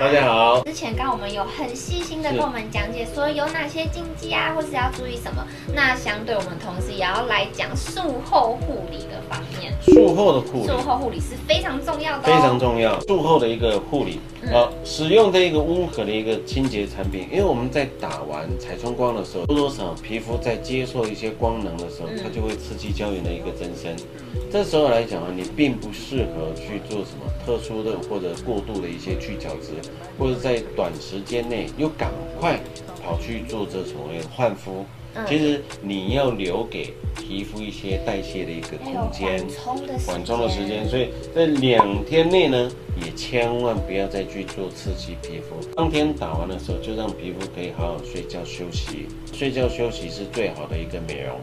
大家好，之前剛我們有很細心的跟我們講解，說有哪些禁忌啊，或是要注意什麼。那相對我們同時也要來講術後護理的方面。術後的護理，術後護理是非常重要的、哦，非常重要。術後的一個護理、嗯，使用這一個溫和的一個清潔產品，因為我們在打完彩衝光的時候，多，多少皮膚在接受一些光能的時候，嗯、它就會刺激膠原的一個增生。嗯、這時候來講啊，你並不適合去做什麼特殊的或者過度的一些去角質。或者在短時間內又趕快跑去做這種換膚，其實你要留給皮膚一些代謝的一個空間，緩衝的時間。所以在兩天內呢，也千萬不要再去做刺激皮膚。當天打完的時候，就讓皮膚可以好好睡覺休息，睡覺休息是最好的一個美容。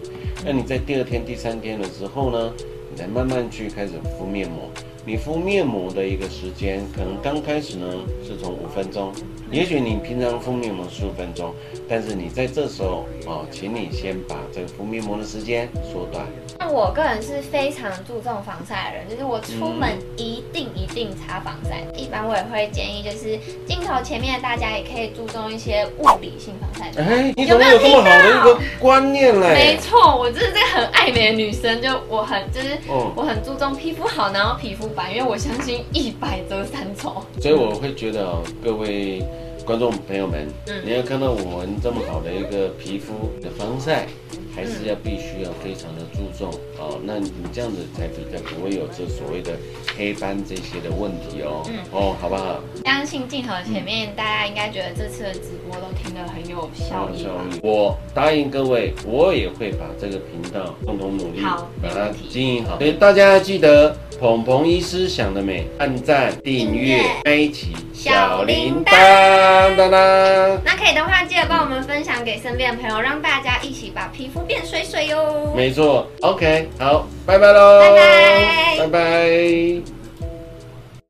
那你在第二天、第三天了之後呢，你再慢慢去開始敷面膜。你敷面膜的一個時間，可能剛開始呢是從五分鐘，也許你平常敷面膜十五分鐘，但是你在這時候哦，請你先把這個敷面膜的時間縮短。那我個人是非常注重防曬的人，就是我出門一定一定擦防曬。嗯我也會建議，就是鏡頭前面的大家也可以注重一些物理性防曬。哎，你怎麼有這麼好的一個觀念呢？欸，沒錯，我就是這個很愛美的女生，就我很就是，我很注重皮膚好，然後皮膚白，因為我相信一白遮三醜。所以我會覺得各位觀眾朋友們，嗯、你要看到我們這麼好的一個皮膚的防曬，還是要必須要非常的注重、嗯、哦，那你這樣子才比較不會有這所謂的黑斑這些的問題哦、嗯、哦，好不好？相信鏡頭前面、嗯、大家應該覺得這次的直播都聽得很有效率、哦、我答應各位，我也會把這個頻道共同努力，好把它經營好、嗯。所以大家要記得澎彭醫師想得美，按贊、訂閱、開啟小鈴鐺，鐺鐺。那可以的話，記得幫我們分享給身邊的朋友、嗯，讓大家一起把皮膚。變水水喲！沒錯，OK，好，拜拜嘍！拜拜，拜拜，拜拜。